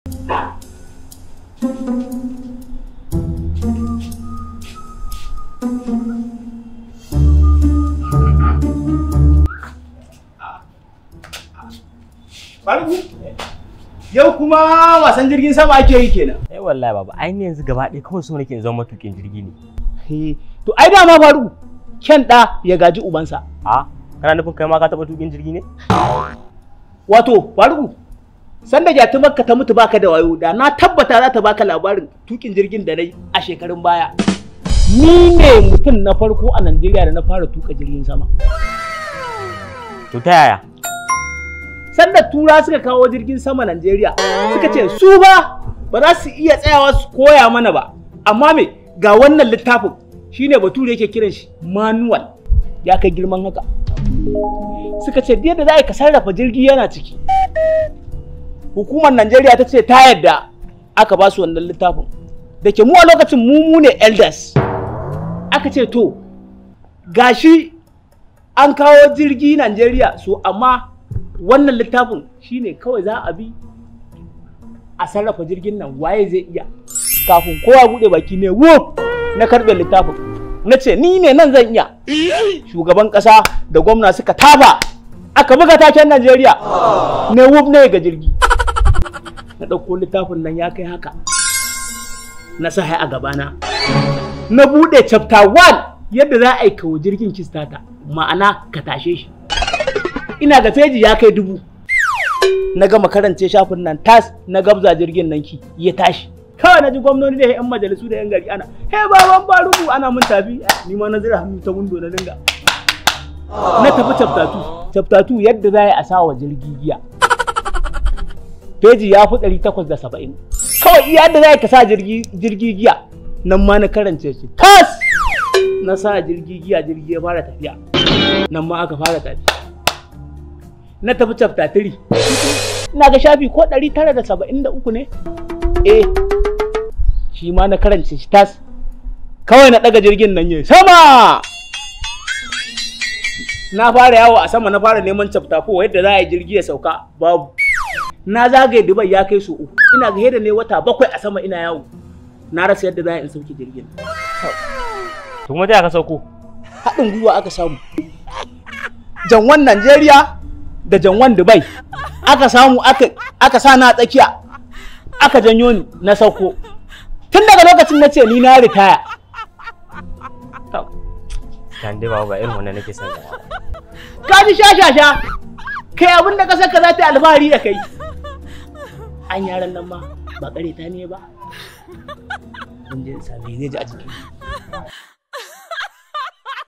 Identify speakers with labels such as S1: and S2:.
S1: Yau kuma wasan jirgin sama ake yi kenan. Eh wallahi baba, ai ne yanzu gaba ɗaya kawai so nake in zama matukin jirgi ne. To ai da ma faru. Ken ɗa ya gaji ubansa. A kana nufin kai ma ka taɓa tukin jirgi ne? Wato, faru sanda Makka ta mutu baka da wayo da na tabbata za ta baka labarin tukin jirgin da na yi a shekarun baya ni ne mutum na farko a najeriya da na fara tuka jirgin sama to ta yaya sanda tura suka kawo jirgin sama najeriya suka ce su ba ba za su iya tsayawa su koya mana ba amma me ga wannan littafin shine bature yake kiran shi manual ya kai girman haka suka ce da za ka sarrafa jirgi yana ciki hukumar Najeriya ta ce ta yadda aka ba su wannan littafin da ke mu a lokacin mu mu ne elders aka ce to gashi an kawo jirgi Najeriya so amma wannan littafin shine kawai za a bi a sarrafa jirgin nan waye zai iya kafin kowa bude baki ne wo na karbe littafin na ce ni ne nan zan iya shugaban ƙasa da gwamna suka taba aka buga taken Najeriya ah. ne wuf ne ga jirgi na ɗauko littafin nan ya kai haka na sa a gabana na buɗe chapter 1 yadda za a yi kawo jirgin kistata ma'ana ka tashe shi ina ga feji ya kai dubu na gama karance shafin nan tas na gabza jirgin nan ki ya tashi kawai na ji gwamnoni da 'yan majalisu da 'yan gari ana he baban rubu ana mun tafi ni ma na zira hannu ta windo na dinga na tafi chapter 2 chapter 2 yadda za a sa wa jirgi giya peji ya fi ɗari takwas da saba'in kawai iya da za ka sa jirgi giya nan ma na karance shi tas na sa jirgi giya jirgi ya fara tafiya nan ma aka fara tafi na tafi chapter tiri ina ga shafi ko ɗari tara da saba'in da uku ne eh shi ma na karance shi tas kawai na ɗaga jirgin nan ya sama na fara yawo a sama na fara neman chapter 4 yadda za a yi jirgi ya sauka babu na zagaye dubai ya kai su uku ina ga da ne wata bakwai a sama ina yawo na rasa yadda za a in sauke jirgin to kuma ta ka sauko haɗin gwiwa aka samu janwan najeriya da janwan dubai aka samu aka sa na tsakiya aka janyo ni na sauko tun daga lokacin na ce ni na ritaya kan dai ba irin wannan nake son ka ji shashasha kai abin da kasar ka za ta yi alfahari da kai an yaran nan ma ba ta ne ba kun je sami ne ji a jiki